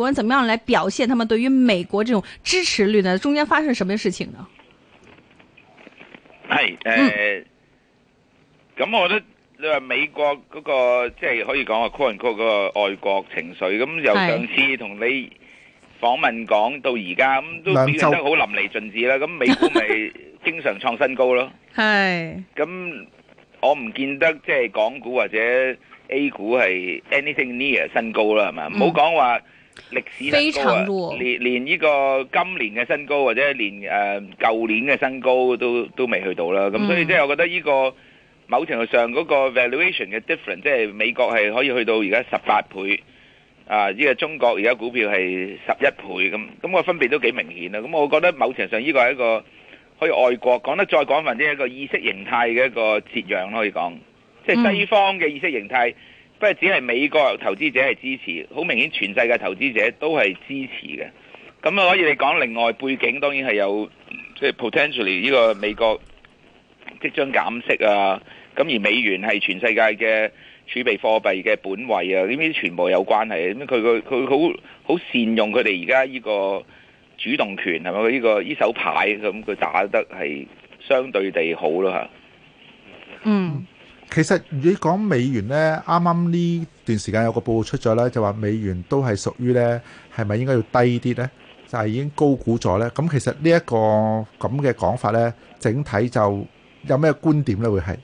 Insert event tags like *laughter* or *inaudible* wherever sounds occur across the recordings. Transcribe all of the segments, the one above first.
我哋怎麼樣嚟表現他們對於美國這種支持率呢？中間發生什麼事情呢？係誒，咁、呃嗯嗯、我覺得你話美國嗰、那個即係、就是、可以講啊，call and call 嗰個愛國情緒，咁由上次同你訪問講到而家，咁都表現得好淋漓盡致啦。咁美股咪經常創新高咯。係 *laughs* 。咁我唔見得即係、就是、港股或者 A 股係 anything near 新高啦，係嘛？唔好講話。歷史很高非常多，連連呢個今年嘅新高或者連誒舊年嘅新高都都未去到啦。咁、嗯、所以即係我覺得呢個某程度上嗰個 valuation 嘅 difference，即係美國係可以去到而家十八倍，啊，呢個中國而家股票係十一倍咁，咁、咁個分別都幾明顯啦。咁我覺得某程度上呢個係一個可以外國講得再講，或者一個意識形態嘅一個折讓可以講，即、就、係、是、西方嘅意識形態。嗯嗯不過只係美國投資者係支持，好明顯全世界投資者都係支持嘅。咁啊可以你講，另外背景當然係有，即係 potentially 呢個美國即將減息啊，咁而美元係全世界嘅儲備貨幣嘅本位啊，呢啲全部有關係。咁佢個佢好好善用佢哋而家呢個主動權係咪？佢呢、呢個呢手牌，咁佢打得係相對地好咯吓嗯。其實如果講美元呢，啱啱呢段時間有個報告出咗呢，就話美元都係屬於呢，係咪應該要低啲呢？就係已經高估咗呢。咁其實呢一個咁嘅講法呢，整體就有咩觀點呢？會係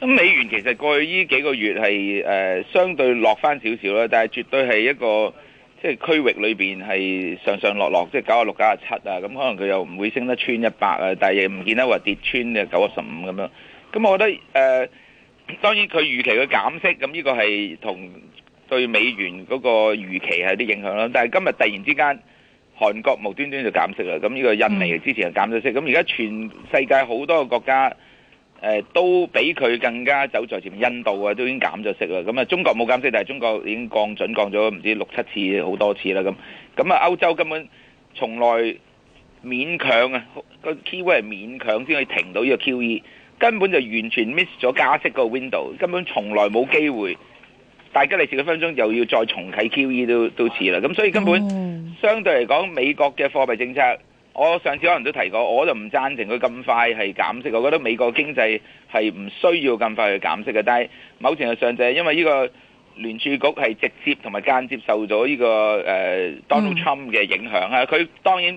咁美元其實過去呢幾個月係誒相對落返少少啦，但係絕對係一個。即係區域裏邊係上上落落，即係九十六、九十七啊，咁可能佢又唔會升得穿一百啊，但係又唔見得話跌穿九十五咁樣。咁我覺得誒，當然佢預期嘅減息，咁呢個係同對美元嗰個預期係啲影響啦。但係今日突然之間韓國無端端就減息啦，咁呢個印尼之前又減咗息，咁而家全世界好多個國家。誒都比佢更加走在前面，印度啊都已經減咗息啦，咁、嗯、啊中國冇減息，但係中國已經降準降咗唔知六七次好多次啦，咁咁啊歐洲根本從來勉強啊個 QE 係勉強先可以停到呢個 QE，根本就完全 miss 咗加息個 window，根本從來冇機會。大吉利是續分鐘又要再重啟 QE 都都遲啦，咁、嗯、所以根本相對嚟講美國嘅貨幣政策。我上次可能都提過，我就唔贊成佢咁快係減息。我覺得美國經濟係唔需要咁快去減息嘅。但係某程度上就係因為呢個聯儲局係直接同埋間接受咗呢、呢個誒、呃、Donald Trump 嘅影響啊。佢、嗯、當然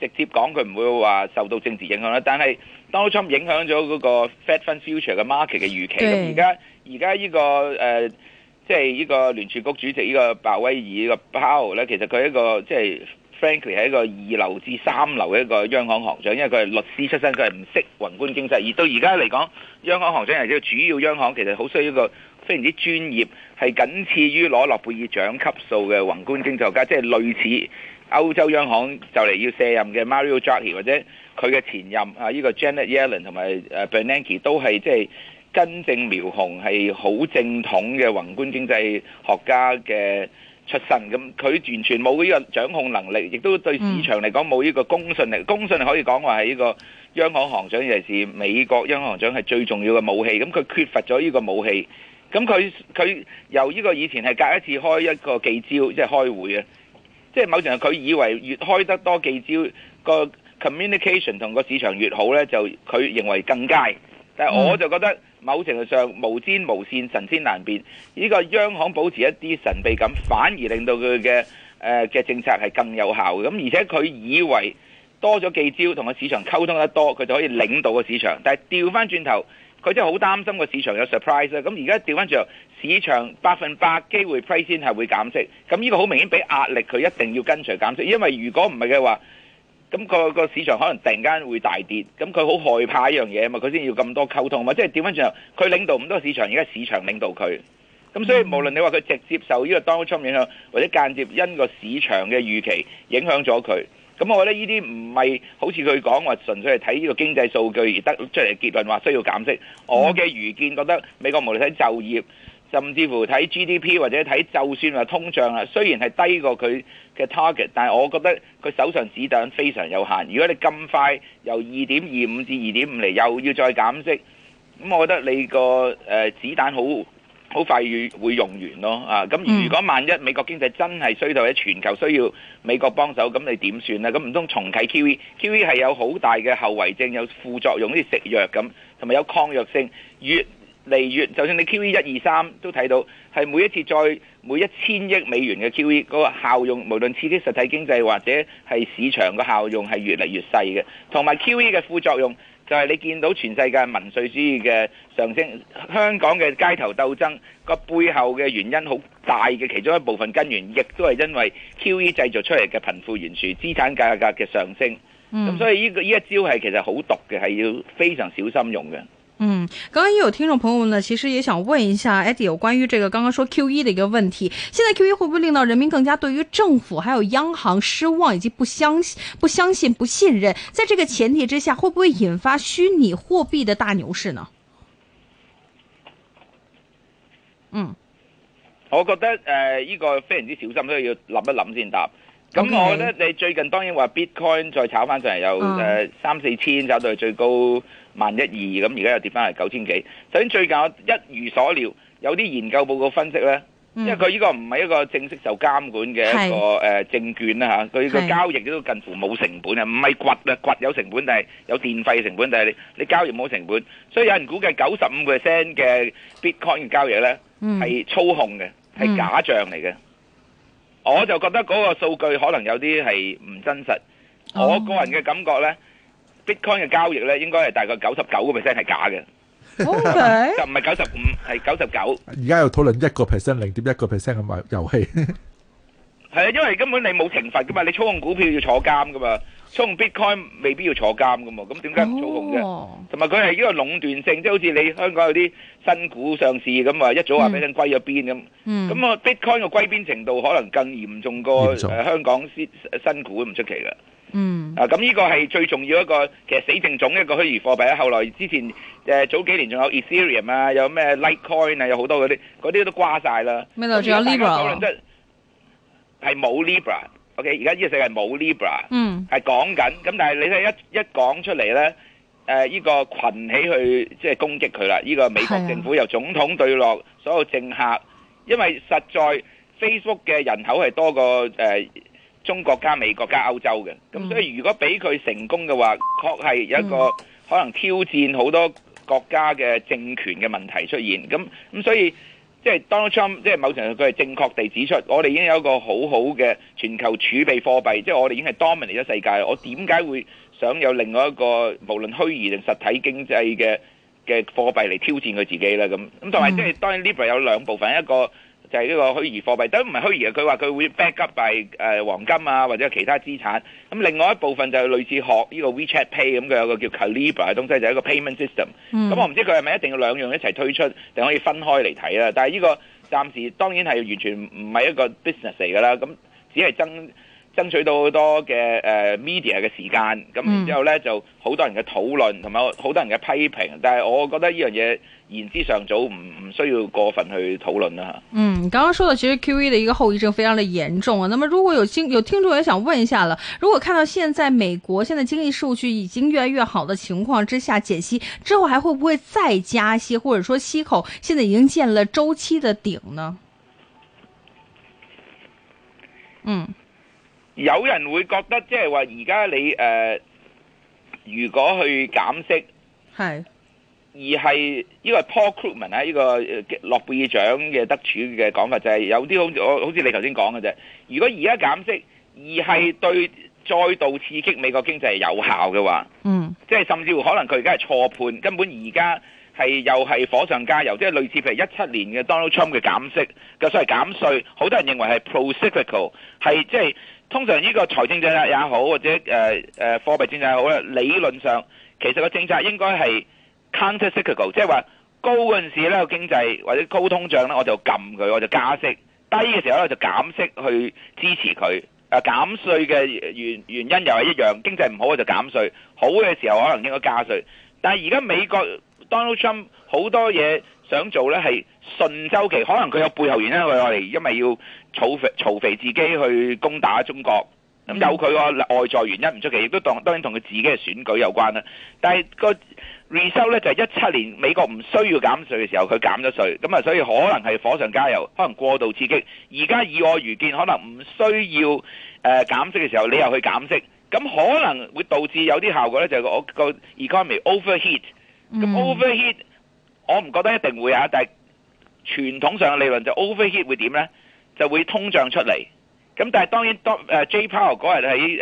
直接講佢唔會話受到政治影響啦。但係 Donald Trump 影響咗嗰個 Fed Fund Future 嘅 market 嘅預期。咁而家而家呢個誒，即係呢個聯儲局主席呢個鮑威爾個 Powell 咧，其實佢係一個即係。即係 Frankly 係一個二流至三流嘅一個央行行長，因為佢係律師出身，佢係唔識宏觀經濟。而到而家嚟講，央行行長係一個主要央行，其實好需要一個非常之專業，係僅次於攞諾貝爾獎級數嘅宏觀經濟學家，即係類似歐洲央行就嚟要卸任嘅 Mario Draghi 或者佢嘅前任啊，呢、這個 Janet Yellen 同埋誒 Bernanke 都係即係根正苗紅，係好正統嘅宏觀經濟學家嘅。出神咁，佢完全冇呢個掌控能力，亦都對市場嚟講冇呢個公信力。Mm. 公信力可以講話係呢個央行行長，尤其是美國央行行長係最重要嘅武器。咁佢缺乏咗呢個武器，咁佢佢由呢個以前係隔一次開一個記招，即係開會啊。即係某程度佢以為越開得多記招，個 communication 同個市場越好呢，就佢認為更佳。但係我就覺得。Mm. 某程度上無蹤無線神仙難辨，呢、這個央行保持一啲神秘感，反而令到佢嘅誒嘅政策係更有效嘅。咁、嗯、而且佢以為多咗幾招同個市場溝通得多，佢就可以領導個市場。但係調翻轉頭，佢真係好擔心個市場有 surprise、嗯。咁而家調翻轉頭，市場百分百機會 price 先係會減息。咁、嗯、呢、這個好明顯俾壓力，佢一定要跟隨減息。因為如果唔係嘅話，咁、個個市場可能突然間會大跌，咁佢好害怕一樣嘢啊嘛，佢先要咁多溝通嘛，即係掉返轉頭，佢領導唔到市場，而家市場領導佢，咁所以無論你話佢直接受呢個 Donald Trump 影響，或者間接因個市場嘅預期影響咗佢，咁我覺得呢啲唔係好似佢講話純粹係睇呢個經濟數據而得出嚟結論話需要減息，我嘅愚見覺得美國無論睇就業。甚至乎睇 GDP 或者睇就算話通脹啊，雖然係低過佢嘅 target，但係我覺得佢手上子彈非常有限。如果你咁快由二點二五至二點五厘，又要再減息，咁我覺得你個誒子彈好好快會用完咯啊！咁如果萬一美國經濟真係衰到喺全球需要美國幫手，咁你點算啊？咁唔通重啟 QE？QE 係有好大嘅後遺症，有副作用，好似食藥咁，同埋有抗藥性，越嚟越，就算你 QE 一二三都睇到，係每一次再每一千億美元嘅 QE，個效用無論刺激實體經濟或者係市場嘅效用係越嚟越細嘅。同埋 QE 嘅副作用就係你見到全世界民粹主義嘅上升，香港嘅街頭鬥爭個背後嘅原因好大嘅其中一部分根源，亦都係因為 QE 製造出嚟嘅貧富懸殊、資產價格嘅上升。咁所以呢個呢一招係其實好毒嘅，係要非常小心用嘅。嗯，剛剛也有聽眾朋友們呢，其實也想問一下 Eddie 有關於這個剛剛說 QE 的一個問題，現在 QE 會不會令到人民更加對於政府還有央行失望，以及不相信、不相信、不信任？在這個前提之下，會不會引發虛擬貨幣的大牛市呢？嗯，我覺得誒，呢、呃這個非常之小心都要諗一諗先答。咁我呢，你最近當然話 Bitcoin 再炒翻,上嚟，有誒三四千炒到最高，萬一二咁，而家又跌翻係九千幾。首先最近我一如所料，有啲研究報告分析咧，因為佢呢個唔係一個正式受監管嘅一個誒證券啦吓，佢個交易都近乎冇成本啊，唔係掘啊，掘有成本，但係有電費成本，但係你交易冇成本，所以有人估計九十五 percent 嘅 bitcoin 交易咧係操控嘅，係假象嚟嘅。我就覺得嗰個數據可能有啲係唔真實，我個人嘅感覺咧。Bitcoin 嘅交易咧，應該係大概九十九個 percent 係假嘅，okay. 就唔係九十五，係九十九。而家又討論一個 percent、零點一個 percent 嘅玩遊戲，係啊，因為根本你冇懲罰噶嘛，你操控股票要坐監噶嘛，操控 Bitcoin 未必要坐監噶嘛，咁點解唔操控嘅？同埋佢係呢個壟斷性，即係好似你香港有啲新股上市咁啊，一早話俾人歸咗邊咁，咁、mm. 啊 Bitcoin 嘅歸邊程度可能更嚴重過嚴重、啊、香港新新股唔出奇噶。嗯啊，咁呢個係最重要一個，其實死剩種一個虛擬貨幣。後來之前誒、呃、早幾年仲有 Ethereum 啊，有咩 Litecoin 啊，有好多嗰啲嗰啲都瓜晒啦。咩就仲有 Libra 啊？係冇 Libra，OK？而家呢、okay? 個世界冇 Libra，嗯，係講緊。咁但係你睇一一講出嚟咧，誒、呃、呢、這個群起去即係攻擊佢啦。呢、這個美國政府由總統對落所有政客，啊、因為實在 Facebook 嘅人口係多過誒。呃中國加美國加歐洲嘅，咁所以如果俾佢成功嘅話，嗯、確係一個可能挑戰好多國家嘅政權嘅問題出現。咁咁所以即係、就是、Donald Trump，即係某程度佢係正確地指出，我哋已經有一個好好嘅全球儲備貨幣，即、就、係、是、我哋已經係 dominate 咗世界。我點解會想有另外一個無論虛擬定實體經濟嘅嘅貨幣嚟挑戰佢自己呢？咁咁同埋即係當然 Libra 有兩部分，一個。就係、是、呢個虛擬貨幣，都唔係虛擬嘅。佢話佢會 back up 係誒、呃、黃金啊，或者其他資產。咁另外一部分就係類似學呢個 WeChat Pay 咁佢有一個叫 Calibra 嘅東西，就係、是、一個 payment system、嗯。咁我唔知佢係咪一定要兩樣一齊推出，定可以分開嚟睇啦。但係呢個暫時當然係完全唔係一個 business 嚟㗎啦。咁只係增。爭取到好多嘅誒、呃、media 嘅時間，咁然之後呢就好多人嘅討論，同埋好多人嘅批評。但係我覺得呢樣嘢言之尚早，唔唔需要過分去討論啦。嗯，剛剛說到其實 QE 嘅一個後遺症非常的嚴重啊。那麼如果有聽有聽眾也想問一下了，如果看到現在美國現在經濟數據已經越來越好的情況之下減息，減息之後還會不會再加息，或者說息口現在已經見了周期的頂呢？嗯。有人會覺得即係話而家你誒、呃，如果去減息，係而係呢、這個係 Paul Krugman 啊，呢個諾貝爾獎嘅得主嘅講法就係、是、有啲好似我好似你頭先講嘅啫。如果而家減息，而係對再度刺激美國經濟係有效嘅話，嗯，即、就、係、是、甚至乎可能佢而家係錯判，根本而家係又係火上加油，即、就、係、是、類似譬如一七年嘅 Donald Trump 嘅減息，就所謂減稅，好多人認為係 pro-cyclical，係、嗯、即係。是就是通常呢個財政政策也好，或者誒誒、呃呃、貨幣政策也好咧，理論上其實個政策應該係 counter-cyclical，即係話高嗰陣時咧個經濟或者高通脹咧，我就撳佢，我就加息；低嘅時候咧就減息去支持佢、呃。減稅嘅原原因又係一樣，經濟唔好我就減稅，好嘅時候可能應該加稅。但係而家美國 Donald Trump 好多嘢想做咧係。順周期，可能佢有背後原因，佢話因為要草肥自己去攻打中國，咁、mm. 有佢個外在原因唔出奇，亦都當當然同佢自己嘅選舉有關啦。但係個 result 咧就係一七年美國唔需要減稅嘅時候，佢減咗稅，咁啊，所以可能係火上加油，可能過度刺激。而家以我愚見可能唔需要誒減、呃、息嘅時候，你又去減息，咁可能會導致有啲效果咧，就係、是、我個 economy overheat。咁 overheat，、mm. 我唔覺得一定會啊，但係。傳統上嘅理論就是 overheat 會點咧，就會通脹出嚟。咁但係當然，多誒 J. Powell 嗰日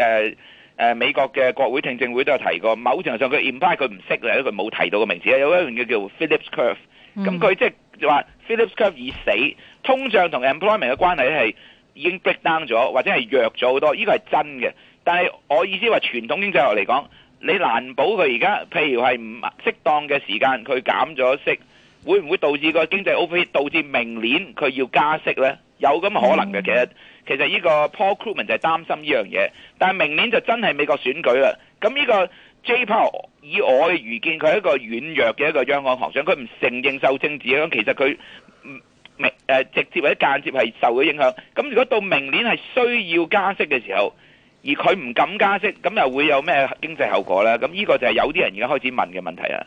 喺美國嘅國會聽證會都有提過。某程度上佢 impact 佢唔識，係佢冇提到個名字。有一樣嘢叫 Phillips Curve，咁佢、嗯、即係話 Phillips Curve 已死，通脹同 employment 嘅關係係已經 break down 咗，或者係弱咗好多。呢個係真嘅。但係我意思話傳統經濟學嚟講，你難保佢而家譬如係唔適當嘅時間佢減咗息。會唔會導致個經濟 o p 導導致明年佢要加息呢？有咁可能嘅，其實其實呢個 Paul Krugman 就係擔心呢樣嘢。但係明年就真係美國選舉啦。咁呢個 Jay Powell 以我嘅愚見，佢係一個軟弱嘅一個央行行長，佢唔承認受政治影響，其實佢直接或者間接係受咗影響。咁如果到明年係需要加息嘅時候，而佢唔敢加息，咁又會有咩經濟後果呢？咁呢個就係有啲人而家開始問嘅問題啦。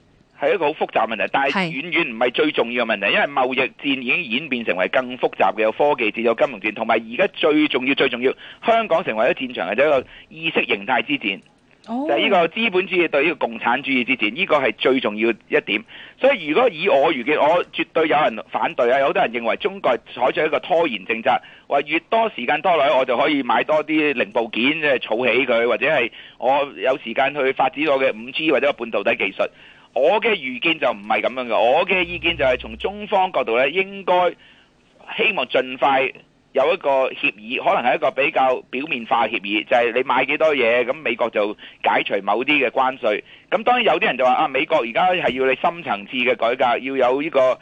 係一個好複雜的問題，但係遠遠唔係最重要嘅問題，因為貿易戰已經演變成為更複雜嘅有科技戰、有金融戰，同埋而家最重要、最重要香港成為咗戰場或者、就是、一個意識形態之戰，oh. 就係呢個資本主義對呢個共產主義之戰，呢、這個係最重要一點。所以如果以我預見，我絕對有人反對啊！有好多人認為中國採取一個拖延政策，話越多時間多耐，我就可以買多啲零部件，即係儲起佢，或者係我有時間去發展我嘅五 G 或者半導體技術。我嘅預見就唔係咁樣嘅，我嘅意見就係從中方角度呢，應該希望盡快有一個協議，可能係一個比較表面化嘅協議，就係你買幾多嘢，咁美國就解除某啲嘅關稅。咁當然有啲人就話啊，美國而家係要你深層次嘅改革，要有呢個。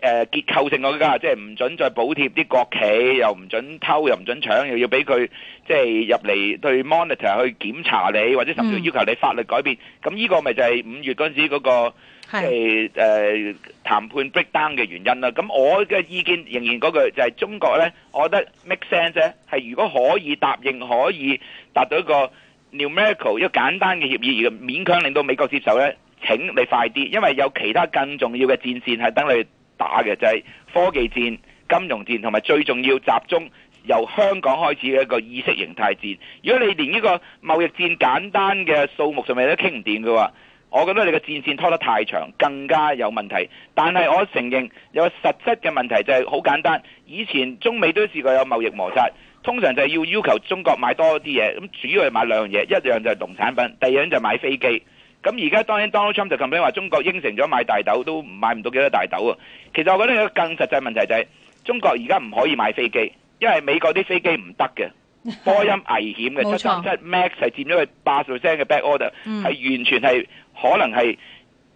誒結構性嗰家，即係唔準再補貼啲國企，又唔準偷，又唔準搶，又要俾佢即係入嚟對 monitor 去檢查你，或者甚至要求你法律改變。咁、嗯、呢個咪就係五月嗰陣時嗰、嗰個誒談、呃、談判 break down 嘅原因啦。咁我嘅意見仍然嗰句就係、是、中國咧，我覺得 make sense 啫，係如果可以答應，可以達到一個 numerical，一個簡單嘅協議而勉強令到美國接受咧。請你快啲，因為有其他更重要嘅戰線係等你。打嘅就係科技戰、金融戰，同埋最重要集中由香港開始嘅一個意識形態戰。如果你連呢個貿易戰簡單嘅數目上面都傾唔掂嘅話，我覺得你嘅戰線拖得太長，更加有問題。但係我承認有個實質嘅問題就係好簡單，以前中美都試過有貿易摩擦，通常就係要要求中國買多啲嘢，咁主要係買兩樣嘢，一樣就係農產品，第二樣就係買飛機。咁而家當然 Donald Trump 就咁樣話中國應承咗買大豆，都買唔到幾多大豆啊！其實我覺得有個更實際問題就係、是、中國而家唔可以買飛機，因為美國啲飛機唔得嘅，波音危險嘅，即 *laughs* 七三七 Max 係佔咗佢八十 percent 嘅 back order，係完全係可能係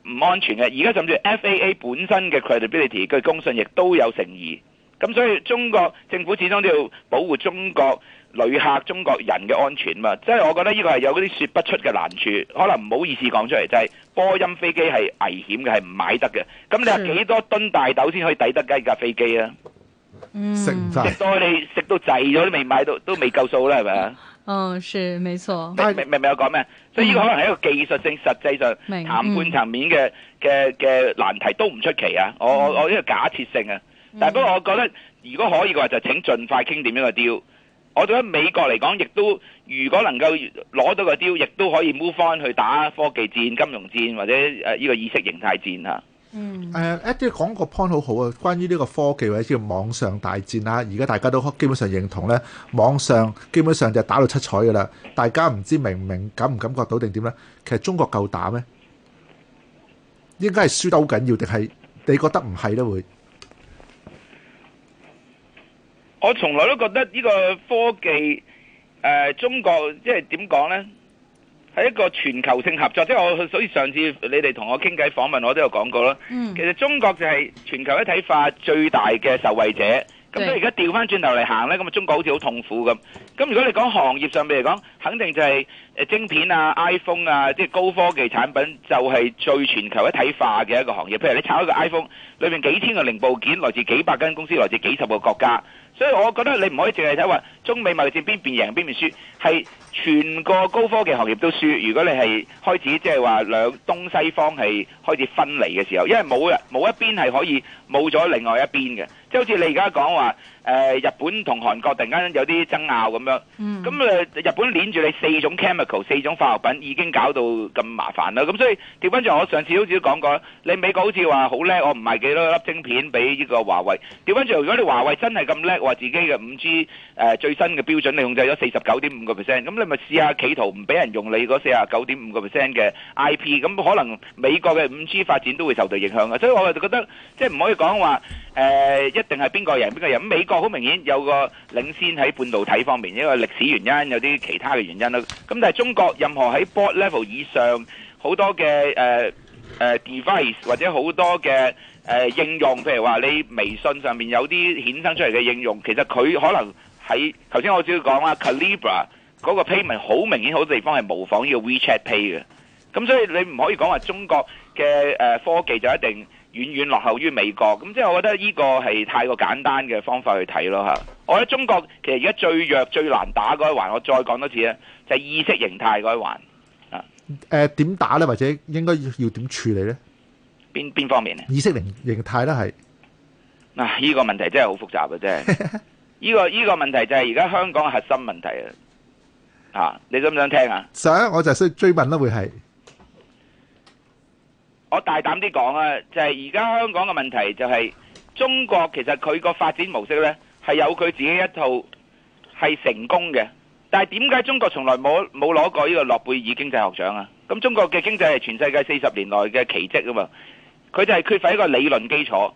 唔安全嘅。而家甚至 FAA 本身嘅 credibility，佢公信亦都有成疑。咁所以中國政府始終都要保護中國。旅客、中國人嘅安全嘛，即係我覺得呢個係有啲説不出嘅難處，可能唔好意思講出嚟，就係、是、波音飛機係危險嘅，係唔買得嘅。咁你話幾多噸大豆先可以抵得一架飛機啊？食、嗯、多你食到滯咗都未買到，都未夠數啦，係咪啊？嗯、哦，是，沒錯。但係明唔明我講咩？所以呢個可能係一個技術性、實際上、嗯、談判層面嘅嘅嘅難題都唔出奇啊！我、嗯、我呢個假設性啊，嗯、但係不過我覺得如果可以嘅話，就請盡快傾掂呢個 deal。我對喺美國嚟講，亦都如果能夠攞到個雕，亦都可以 move 翻去打科技戰、金融戰或者誒呢個意識形態戰啊。嗯。誒、uh，一啲講個 point 好好啊，關於呢個科技或者叫網上大戰啊，而家大家都基本上認同咧，網上基本上就打到七彩噶啦。大家唔知明唔明感唔感覺到定點咧？其實中國夠打咩？應該係輸得好緊要定係你覺得唔係都會？我從來都覺得呢個科技誒、呃、中國即係點講咧，係一個全球性合作。即係我所以上次你哋同我傾偈訪問我都有講過啦。嗯，其實中國就係全球一體化最大嘅受惠者。咁而家調翻轉頭嚟行咧，咁啊中國好似好痛苦咁。咁如果你講行業上面嚟講，肯定就係誒晶片啊、iPhone 啊，即係高科技產品，就係最全球一體化嘅一個行業。譬如你炒一個 iPhone，裏面幾千個零部件來自幾百間公司，來自幾十個國家。所以我覺得你唔可以淨係睇話中美貿易戰邊邊贏邊邊輸，係全個高科技行業都輸。如果你係開始即係話兩東西方係開始分離嘅時候，因為冇人冇一邊係可以冇咗另外一邊嘅。即係好似你而家講話，誒日本同韓國突然間有啲爭拗咁樣，咁誒日本攆住你四種 chemical，四種化學品已經搞到咁麻煩啦。咁所以掉翻轉，我上次好似都講過，你美國好似話好叻，我唔賣幾多粒晶片俾呢個華為。掉翻轉，如果你華為真係咁叻，話自己嘅五 G 誒最新嘅標準，你控制咗四十九點五個 percent，咁你咪試下企圖唔俾人用你嗰四十九點五個 percent 嘅 IP，咁可能美國嘅五 G 發展都會受到影響啊。所以我覺得即係唔可以講話誒一。定係邊個人？邊個人？咁美國好明顯有個領先喺半導體方面，一個歷史原因，有啲其他嘅原因咯。咁但係中國任何喺 board level 以上好多嘅誒誒 device 或者好多嘅誒應用，譬如話你微信上面有啲衍生出嚟嘅應用，其實佢可能喺頭先我只要講啦，Calibra 嗰個 payment，好明顯好多地方係模仿呢個 WeChat Pay 嘅。咁所以你唔可以講話中國嘅誒科技就一定，遠遠落後於美國，咁即係我覺得呢個係太過簡單嘅方法去睇咯吓。我覺得中國其實而家最弱最難打嗰一環，我再講多次咧，就係、意識形態嗰一環啊。誒、呃、點打咧，或者應該要點處理咧？邊邊方面咧？意識形態啦，係嗱，呢個問題真係好複雜嘅、啊、啫。呢、 *laughs* 呢個依、呢個問題就係而家香港核心問題啊！你想唔想聽啊？想，我就需追問啦，會係。我大膽啲講啊，就係而家香港嘅問題就係中國其實佢個發展模式呢，係有佢自己一套係成功嘅，但係點解中國從來冇冇攞過呢個諾貝爾經濟學獎啊？咁中國嘅經濟係全世界四十年來嘅奇跡啊嘛，佢就係缺乏一個理論基礎，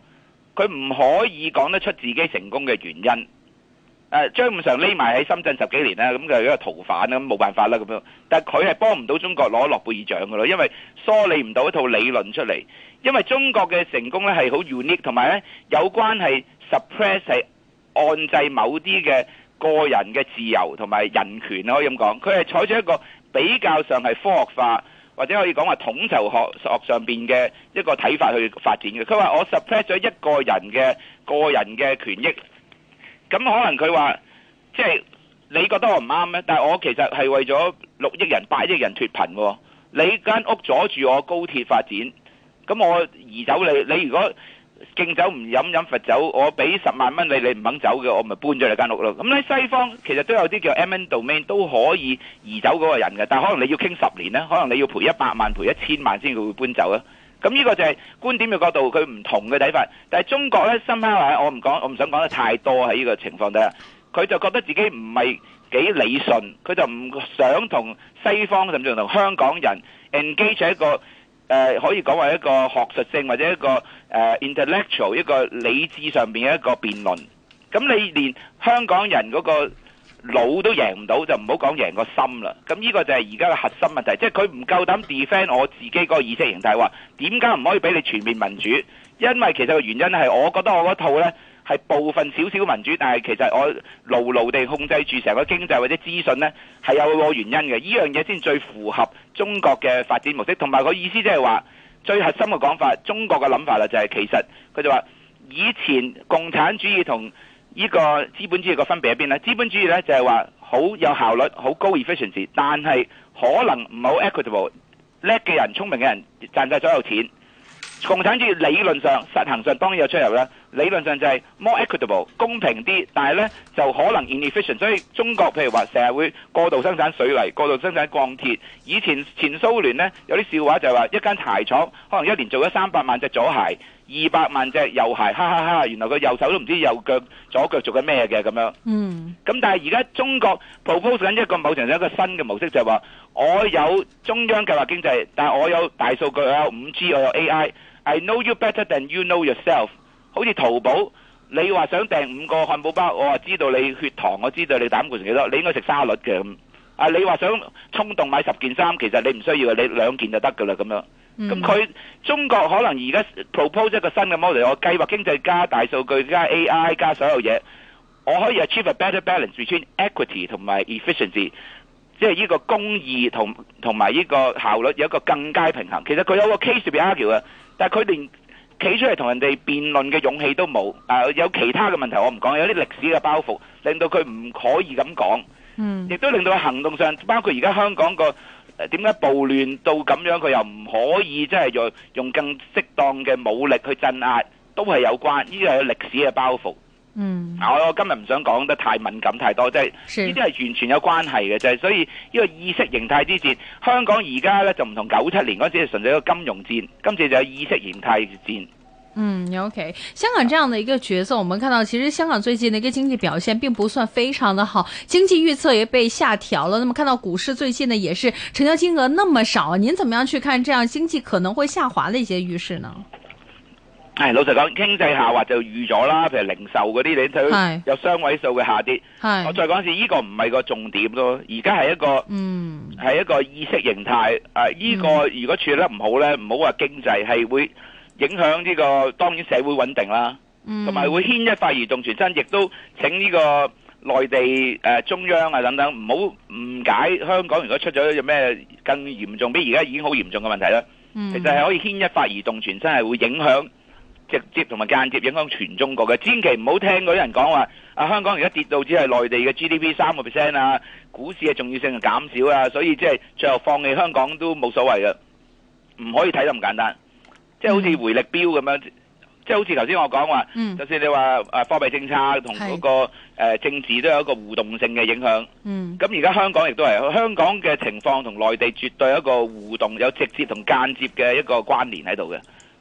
佢唔可以講得出自己成功嘅原因。誒張五常匿埋喺深圳十幾年啦，咁就一個逃犯啦，咁冇辦法啦咁樣。但係佢係幫唔到中國攞諾貝爾獎嘅咯，因為梳理唔到一套理論出嚟。因為中國嘅成功咧係好 unique，同埋咧有關係 suppress 係按制某啲嘅個人嘅自由同埋人權，可以咁講。佢係採取一個比較上係科學化，或者可以講話統籌學，學上面嘅一個睇法去發展嘅。佢話我 suppress 咗一個人嘅個人嘅權益。咁可能佢話，即係你覺得我唔啱咩？但係我其實係為咗六億人、八億人脱貧喎、哦。你間屋阻住我高鐵發展，咁我移走你。你如果敬酒唔飲，飲罰酒，我俾十萬蚊你，你唔肯走嘅，我咪搬咗你間屋咯。咁喺西方其實都有啲叫 eminent domain，都可以移走嗰個人嘅，但可能你要傾十年咧，可能你要賠一百萬、賠一千萬先會搬走啊。咁呢個就係觀點嘅角度，佢唔同嘅睇法。但係中國咧，深班話我唔講，我唔想講得太多喺呢個情況底下，佢就覺得自己唔係幾理性，佢就唔想同西方甚至同香港人 engage 一個、呃、可以講係一個學術性或者一個、呃、intellectual 一個理智上面嘅一個辯論。咁你連香港人嗰、嗰個腦都贏唔到，就唔好講贏個心啦。咁呢個就係而家嘅核心問題，即係佢唔夠膽 defend 我自己嗰個意識形態，話點解唔可以俾你全面民主？因為其實個原因係，我覺得我嗰套呢係部分少少民主，但係其實我牢牢地控制住成個經濟或者資訊呢，係有個原因嘅。呢樣嘢先最符合中國嘅發展模式，同埋個意思即係話最核心嘅講法，中國嘅諗法啦，就係其實佢就話以前共產主義同，呢、這個資本主義個分別喺邊呢？資本主義呢，就係話好有效率，好高 efficiency，但係可能唔好 equitable，叻嘅 *music* 人、聰明嘅人賺晒所有錢。共產主義理論上、實行上當然有出入啦。理論上就係 more equitable，公平啲，但係呢，就可能 inefficient。所以中國譬如話社會過度生產水泥、過度生產鋼鐵。以前前蘇聯呢，有啲笑話就係話一間鞋廠可能一年做咗三百萬隻左鞋。二百萬隻右鞋哈哈哈哈！原來佢右手都唔知右腳左腳做緊咩嘅咁樣。嗯。咁但係而家中國 proposal 緊一個某程度一個新嘅模式就，就係話我有中央計劃經濟，但我有大數據，我有五 G，我有 AI。I know you better than you know yourself。好似淘寶，你話想訂五個漢堡包，我話知道你血糖，我知道你膽固醇幾多，你應該食沙律嘅咁。啊，你話想衝動買十件衫，其實你唔需要嘅，你兩件就得㗎啦咁樣。咁佢中國可能而家 propose 一個新嘅 model，我計劃經濟加大數據加 AI 加所有嘢，我可以 achieve a better balance between equity 同埋 efficiency，即係呢個公義同同埋呢個效率有一個更加平衡。其實佢有個 case to be argue 嘅，但係佢連企出嚟同人哋辯論嘅勇氣都冇。啊，有其他嘅問題我唔講，有啲歷史嘅包袱令到佢唔可以咁講。嗯，亦都令到行動上包括而家香港個。點解暴亂到咁樣，佢又唔可以即係用用更適當嘅武力去鎮壓，都係有關。呢啲有歷史嘅包袱。嗯，我我今日唔想講得太敏感太多，即係呢啲係完全有關係嘅。就係、是，所以呢個意識形態之戰，香港而家呢就唔同九七年嗰時係純粹一個金融戰，今次就係意識形態戰。嗯，OK。香港這樣的一個角色，我們看到其實香港最近的一個經濟表現並不算非常的好，經濟預測也被下調了。那麼看到股市最近的也是成交金額那麼少，您怎麼樣去看這樣經濟可能會下滑的一些預示呢？哎，老實講，經濟下滑就預咗啦，譬如零售嗰啲，你睇有雙位數嘅下跌。係，我再講一次，呢個唔係個重點咯，而家係一個，嗯，係一個意識形態。啊、呃，呢個如果處理得唔好咧，唔好話經濟係會。影響呢、呢個當然社會穩定啦，同埋會牽一髮而動全身，亦都請呢個內地、呃、中央啊等等唔好誤解香港，如果出咗一隻咩更嚴重，比而家已經好嚴重嘅問題啦。嗯、其實係可以牽一髮而動全身，係會影響直接同埋間接影響全中國嘅。千祈唔好聽嗰啲人講話啊，香港而家跌到只係內地嘅 GDP 三個 percent 啊，股市嘅重要性就減少啊。所以即係最後放棄香港都冇所謂嘅，唔可以睇得咁簡單。即係好似回力標咁樣，嗯、即係好似頭先我講話、嗯，就算你話誒貨幣政策同嗰個政治都有一個互動性嘅影響。咁而家香港亦都係香港嘅情況同內地絕對有一個互動，有直接同間接嘅一個關聯喺度嘅。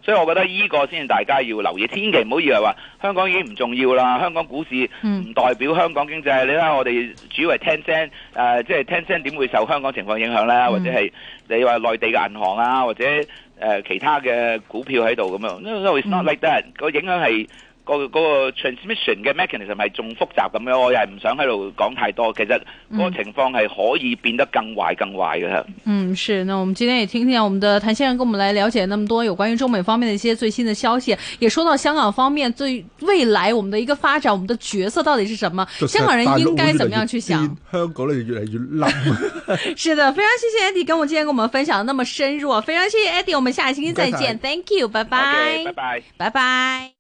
所以，我覺得呢個先係大家要留意，千祈唔好以為話香港已經唔重要啦。香港股市唔代表香港經濟。嗯、你睇我哋主要係騰訊，誒，即係騰訊點會受香港情況影響咧、嗯？或者係你話內地嘅銀行啊，或者誒、呃、其他嘅股票喺度咁樣，因 no, 為 not like that，嗯嗰個影響係。個、那、嗰個 transmission 嘅 mechanism 係咪仲複雜咁樣？我又係唔想喺度講太多。其實個情況係可以變得更壞、更壞嘅。嗯，是。那我們今天也聽聽我們的譚先生跟我們來了解那麼多有關於中美方面的一些最新的消息，也說到香港方面對未來我們的一個發展，我們的角色到底是什麼？香港人應該怎麼樣去想？越越香港咧越嚟越冷。 *laughs* 是的，非常謝謝 Eddie 跟我今天跟我們分享的那麼深入。非常謝謝 Eddie，我們下星期再見。謝謝。Thank you，拜拜，拜、okay, 拜。Bye bye。